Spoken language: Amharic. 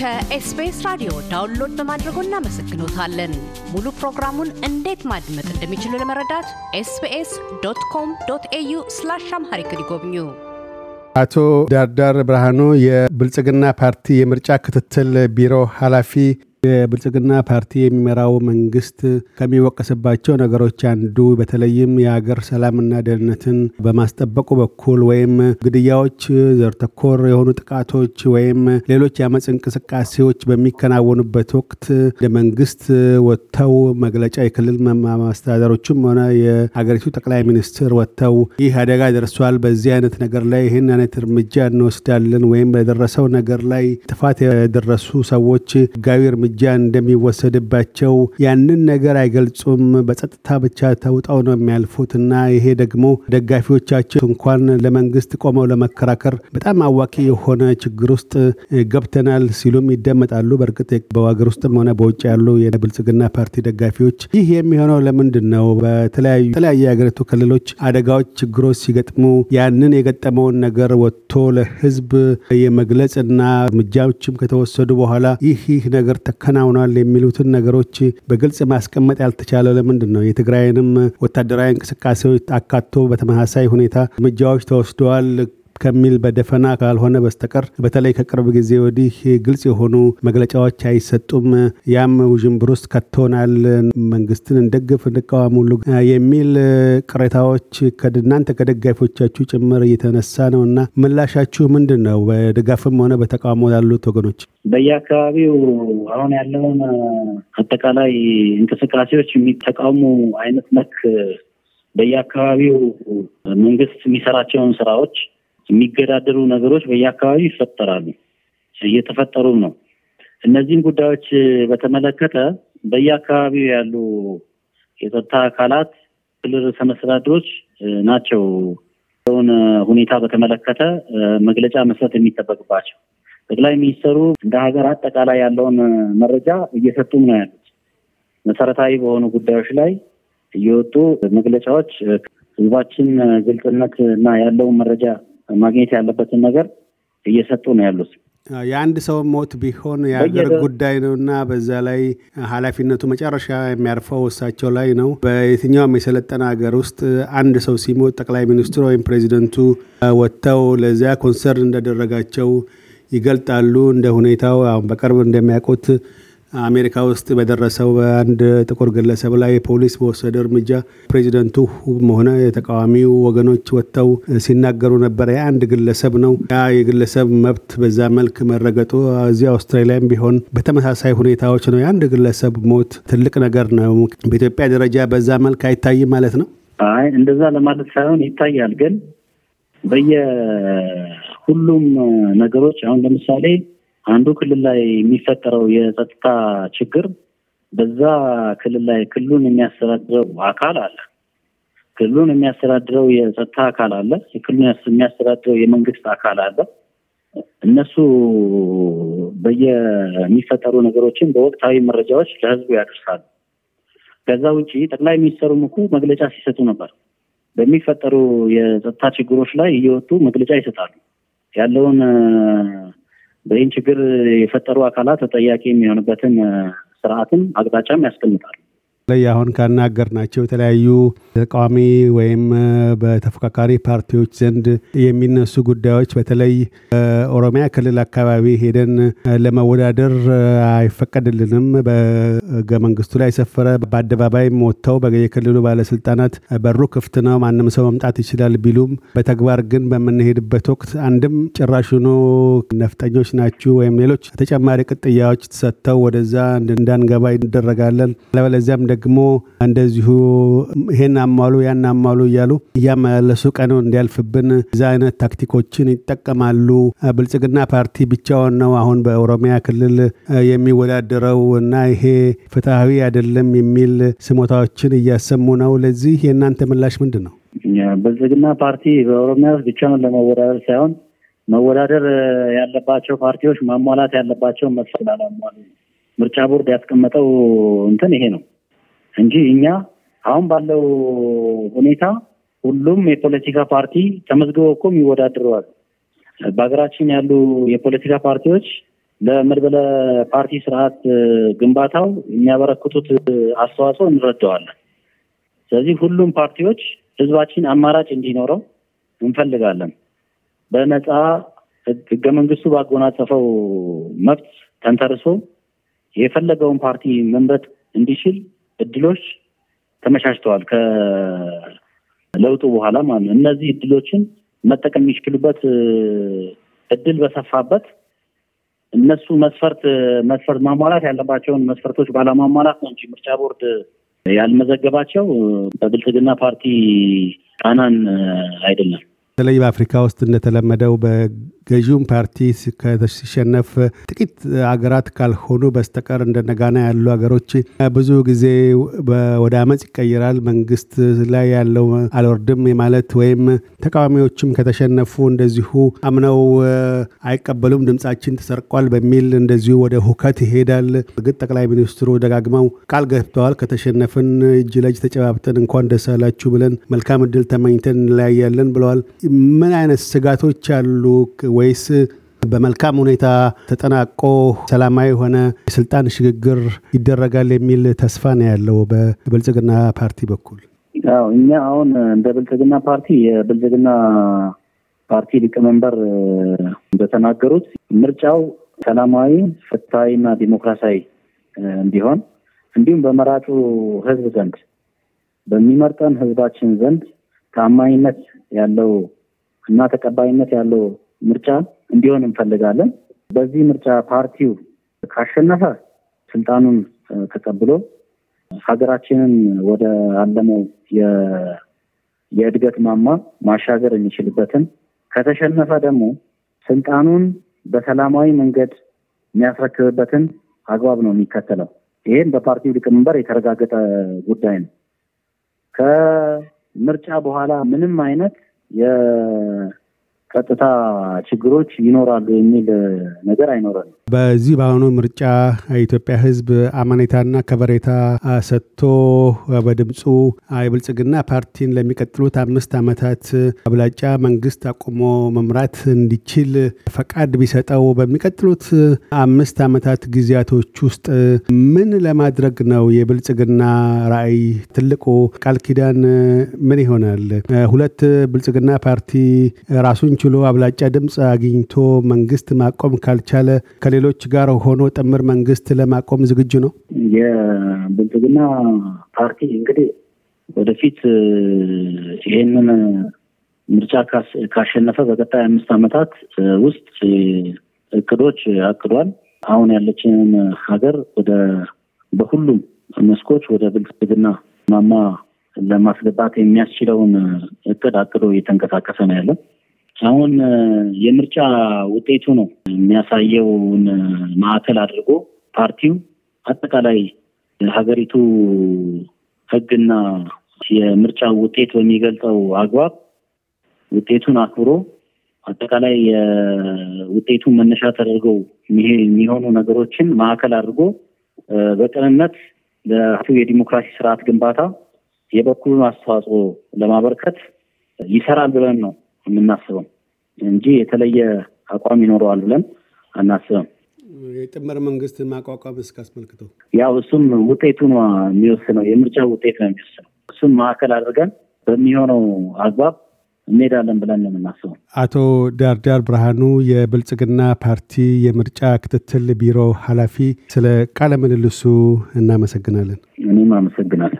ከኤስቢኤስ ራዲዮ ዳውንሎድ በማድረጎ እናመሰግኖታለን። ሙሉ ፕሮግራሙን እንዴት ማድመጥ እንደሚችሉ ለመረዳት ኤስቢኤስ ዶት ኮም ዶት ኤዩ ስላሽ አምሃሪክ ይጎብኙ። አቶ ዳርዳር ብርሃኑ የብልጽግና ፓርቲ የምርጫ ክትትል ቢሮ ኃላፊ የብልጽግና ፓርቲ የሚመራው መንግስት ከሚወቀስባቸው ነገሮች አንዱ በተለይም የሀገር ሰላምና ደህንነትን በማስጠበቁ በኩል ወይም ግድያዎች፣ ዘርተኮር የሆኑ ጥቃቶች ወይም ሌሎች የአመፅ እንቅስቃሴዎች በሚከናወኑበት ወቅት እንደ መንግስት ወጥተው መግለጫ የክልል ማስተዳደሮችም ሆነ የሀገሪቱ ጠቅላይ ሚኒስትር ወጥተው ይህ አደጋ ደርሷል፣ በዚህ አይነት ነገር ላይ ይህን አይነት እርምጃ እንወስዳለን ወይም በደረሰው ነገር ላይ ጥፋት የደረሱ ሰዎች ህጋዊ እርምጃ እርምጃ እንደሚወሰድባቸው ያንን ነገር አይገልጹም። በጸጥታ ብቻ ተውጠው ነው የሚያልፉት እና ይሄ ደግሞ ደጋፊዎቻቸው እንኳን ለመንግስት ቆመው ለመከራከር በጣም አዋቂ የሆነ ችግር ውስጥ ገብተናል ሲሉም ይደመጣሉ። በእርግጥ በሀገር ውስጥም ሆነ በውጭ ያሉ የብልጽግና ፓርቲ ደጋፊዎች ይህ የሚሆነው ለምንድን ነው? በተለያዩ የሀገሪቱ ክልሎች አደጋዎች፣ ችግሮች ሲገጥሙ ያንን የገጠመውን ነገር ወጥቶ ለህዝብ የመግለጽና እርምጃዎችም ከተወሰዱ በኋላ ይህ ይህ ነገር ተከናውኗል የሚሉትን ነገሮች በግልጽ ማስቀመጥ ያልተቻለ ለምንድን ነው? የትግራይንም ወታደራዊ እንቅስቃሴዎች አካቶ በተመሳሳይ ሁኔታ እርምጃዎች ተወስደዋል። ከሚል በደፈና ካልሆነ በስተቀር በተለይ ከቅርብ ጊዜ ወዲህ ግልጽ የሆኑ መግለጫዎች አይሰጡም። ያም ውዥንብር ውስጥ ከቶናል፣ መንግስትን እንደግፍ እንቃወም የሚል ቅሬታዎች ከእናንተ ከደጋፊዎቻችሁ ጭምር እየተነሳ ነው እና ምላሻችሁ ምንድን ነው? በድጋፍም ሆነ በተቃውሞ ያሉት ወገኖች በየአካባቢው አሁን ያለውን አጠቃላይ እንቅስቃሴዎች የሚተቃውሙ አይነት መክ በየአካባቢው መንግስት የሚሰራቸውን ስራዎች የሚገዳደሩ ነገሮች በየአካባቢው ይፈጠራሉ፣ እየተፈጠሩም ነው። እነዚህን ጉዳዮች በተመለከተ በየአካባቢው ያሉ የጸጥታ አካላት ክልል ርዕሰ መስተዳድሮች ናቸው ውን ሁኔታ በተመለከተ መግለጫ መስጠት የሚጠበቅባቸው። ጠቅላይ ሚኒስትሩ እንደ ሀገር አጠቃላይ ያለውን መረጃ እየሰጡም ነው ያሉት። መሰረታዊ በሆኑ ጉዳዮች ላይ እየወጡ መግለጫዎች ህዝባችን ግልጽነት እና ያለውን መረጃ ማግኘት ያለበትን ነገር እየሰጡ ነው ያሉት። የአንድ ሰው ሞት ቢሆን የሀገር ጉዳይ ነው እና በዛ ላይ ኃላፊነቱ መጨረሻ የሚያርፈው እሳቸው ላይ ነው። በየትኛውም የሰለጠነ ሀገር ውስጥ አንድ ሰው ሲሞት ጠቅላይ ሚኒስትሩ ወይም ፕሬዚደንቱ ወጥተው ለዚያ ኮንሰርን እንዳደረጋቸው ይገልጣሉ። እንደ ሁኔታው አሁን በቅርብ እንደሚያውቁት አሜሪካ ውስጥ በደረሰው በአንድ ጥቁር ግለሰብ ላይ ፖሊስ በወሰደ እርምጃ ፕሬዚደንቱ ሆነ የተቃዋሚው ወገኖች ወጥተው ሲናገሩ ነበረ። የአንድ ግለሰብ ነው። ያ የግለሰብ መብት በዛ መልክ መረገጡ እዚህ አውስትራሊያም ቢሆን በተመሳሳይ ሁኔታዎች ነው። የአንድ ግለሰብ ሞት ትልቅ ነገር ነው። በኢትዮጵያ ደረጃ በዛ መልክ አይታይም ማለት ነው። አይ እንደዛ ለማለት ሳይሆን ይታያል። ግን በየሁሉም ነገሮች አሁን ለምሳሌ አንዱ ክልል ላይ የሚፈጠረው የጸጥታ ችግር በዛ ክልል ላይ ክልሉን የሚያስተዳድረው አካል አለ። ክልሉን የሚያስተዳድረው የጸጥታ አካል አለ። ክልሉን የሚያስተዳድረው የመንግስት አካል አለ። እነሱ በየሚፈጠሩ ነገሮችን በወቅታዊ መረጃዎች ለህዝቡ ያደርሳሉ። ከዛ ውጭ ጠቅላይ ሚኒስትሩ ምኩ መግለጫ ሲሰጡ ነበር። በሚፈጠሩ የጸጥታ ችግሮች ላይ እየወጡ መግለጫ ይሰጣሉ። ያለውን በይህን ችግር የፈጠሩ አካላት ተጠያቂ የሚሆንበትን ስርዓትም አቅጣጫም ያስቀምጣል። ላይ አሁን ናቸው። የተለያዩ ተቃዋሚ ወይም በተፎካካሪ ፓርቲዎች ዘንድ የሚነሱ ጉዳዮች በተለይ ኦሮሚያ ክልል አካባቢ ሄደን ለመወዳደር አይፈቀድልንም፣ በህገ መንግስቱ ላይ ሰፈረ፣ በአደባባይ ወጥተው የክልሉ ባለስልጣናት በሩ ክፍት ነው፣ ማንም ሰው መምጣት ይችላል ቢሉም በተግባር ግን በምንሄድበት ወቅት አንድም ጭራሹኑ ነፍጠኞች ናችሁ ወይም ሌሎች ተጨማሪ ቅጥያዎች ተሰጥተው ወደዛ እንዳንገባ ይደረጋለን፣ አለበለዚያም ደግሞ እንደዚሁ ይሄን አሟሉ ያን አሟሉ እያሉ እያመላለሱ ቀኑ እንዲያልፍብን እዚ አይነት ታክቲኮችን ይጠቀማሉ። ብልጽግና ፓርቲ ብቻውን ነው አሁን በኦሮሚያ ክልል የሚወዳደረው እና ይሄ ፍትሐዊ አይደለም የሚል ስሞታዎችን እያሰሙ ነው። ለዚህ የእናንተ ምላሽ ምንድን ነው? ብልጽግና ፓርቲ በኦሮሚያ ውስጥ ብቻውን ለመወዳደር ሳይሆን መወዳደር ያለባቸው ፓርቲዎች ማሟላት ያለባቸውን መስፈል ምርጫ ቦርድ ያስቀመጠው እንትን ይሄ ነው። እንጂ እኛ አሁን ባለው ሁኔታ ሁሉም የፖለቲካ ፓርቲ ተመዝግቦ እኮም ይወዳድረዋል። በሀገራችን ያሉ የፖለቲካ ፓርቲዎች ለመድበለ ፓርቲ ስርዓት ግንባታው የሚያበረክቱት አስተዋጽኦ እንረዳዋለን። ስለዚህ ሁሉም ፓርቲዎች ህዝባችን አማራጭ እንዲኖረው እንፈልጋለን። በነፃ ህገ መንግስቱ ባጎናጸፈው መብት ተንተርሶ የፈለገውን ፓርቲ መምረጥ እንዲችል እድሎች ተመቻችተዋል ከለውጡ በኋላ ማለት ነው። እነዚህ እድሎችን መጠቀም የሚችሉበት እድል በሰፋበት እነሱ መስፈርት መስፈርት ማሟላት ያለባቸውን መስፈርቶች ባለማሟላት ነው እንጂ ምርጫ ቦርድ ያልመዘገባቸው በብልጽግና ፓርቲ ጣናን አይደለም። በተለይ በአፍሪካ ውስጥ እንደተለመደው ገዢውን ፓርቲ ሲሸነፍ ጥቂት አገራት ካልሆኑ በስተቀር እንደ ነጋና ያሉ ሀገሮች ብዙ ጊዜ ወደ አመፅ ይቀይራል። መንግስት ላይ ያለው አልወርድም የማለት ወይም ተቃዋሚዎችም ከተሸነፉ እንደዚሁ አምነው አይቀበሉም፣ ድምፃችን ተሰርቋል በሚል እንደዚሁ ወደ ሁከት ይሄዳል። እርግጥ ጠቅላይ ሚኒስትሩ ደጋግመው ቃል ገብተዋል፣ ከተሸነፍን እጅ ለእጅ ተጨባብጠን እንኳን ደስ አላችሁ ብለን መልካም እድል ተመኝተን እንለያያለን ብለዋል። ምን አይነት ስጋቶች አሉ? ወይስ በመልካም ሁኔታ ተጠናቆ ሰላማዊ የሆነ የስልጣን ሽግግር ይደረጋል የሚል ተስፋ ነው ያለው በብልጽግና ፓርቲ በኩል? አዎ እኛ አሁን እንደ ብልጽግና ፓርቲ የብልጽግና ፓርቲ ሊቀመንበር እንደተናገሩት ምርጫው ሰላማዊ፣ ና ዲሞክራሲያዊ እንዲሆን እንዲሁም በመራጩ ህዝብ ዘንድ በሚመርጠን ህዝባችን ዘንድ ታማኝነት ያለው እና ተቀባይነት ያለው ምርጫ እንዲሆን እንፈልጋለን። በዚህ ምርጫ ፓርቲው ካሸነፈ ስልጣኑን ተቀብሎ ሀገራችንን ወደ አለመው የእድገት ማማ ማሻገር የሚችልበትን ከተሸነፈ ደግሞ ስልጣኑን በሰላማዊ መንገድ የሚያስረክብበትን አግባብ ነው የሚከተለው። ይህም በፓርቲው ሊቀመንበር የተረጋገጠ ጉዳይ ነው። ከምርጫ በኋላ ምንም አይነት ቀጥታ ችግሮች ይኖራሉ የሚል ነገር አይኖረንም። በዚህ በአሁኑ ምርጫ የኢትዮጵያ ሕዝብ አማኔታና ከበሬታ ሰጥቶ በድምፁ የብልጽግና ፓርቲን ለሚቀጥሉት አምስት ዓመታት አብላጫ መንግስት አቁሞ መምራት እንዲችል ፈቃድ ቢሰጠው በሚቀጥሉት አምስት ዓመታት ጊዜያቶች ውስጥ ምን ለማድረግ ነው የብልጽግና ራዕይ? ትልቁ ቃል ኪዳን ምን ይሆናል? ሁለት ብልጽግና ፓርቲ ራሱን ችሎ አብላጫ ድምፅ አግኝቶ መንግስት ማቆም ካልቻለ ከሌ ከሌሎች ጋር ሆኖ ጥምር መንግስት ለማቆም ዝግጁ ነው? የብልጽግና ፓርቲ እንግዲህ ወደፊት ይህንን ምርጫ ካሸነፈ በቀጣይ አምስት ዓመታት ውስጥ እቅዶች አቅዷል። አሁን ያለችንን ሀገር ወደ በሁሉም መስኮች ወደ ብልጽግና ማማ ለማስገባት የሚያስችለውን እቅድ አቅዶ እየተንቀሳቀሰ ነው ያለው። አሁን የምርጫ ውጤቱ ነው የሚያሳየውን ማዕከል አድርጎ ፓርቲው አጠቃላይ ሀገሪቱ ህግና የምርጫ ውጤት በሚገልጸው አግባብ ውጤቱን አክብሮ አጠቃላይ የውጤቱ መነሻ ተደርገው የሚሆኑ ነገሮችን ማዕከል አድርጎ በቅንነት ለቱ የዲሞክራሲ ስርዓት ግንባታ የበኩሉን አስተዋጽኦ ለማበርከት ይሰራል ብለን ነው የምናስበው እንጂ የተለየ አቋም ይኖረዋል ብለን አናስብም። የጥምር መንግስት ማቋቋም እስከ ያው እሱም ውጤቱ ነው የሚወስነው፣ የምርጫ ውጤት ነው የሚወስነው። እሱም ማዕከል አድርገን በሚሆነው አግባብ እንሄዳለን ብለን ነው የምናስበው። አቶ ዳርዳር ብርሃኑ የብልጽግና ፓርቲ የምርጫ ክትትል ቢሮ ኃላፊ፣ ስለ ቃለ ምልልሱ እናመሰግናለን። እኔም አመሰግናለን።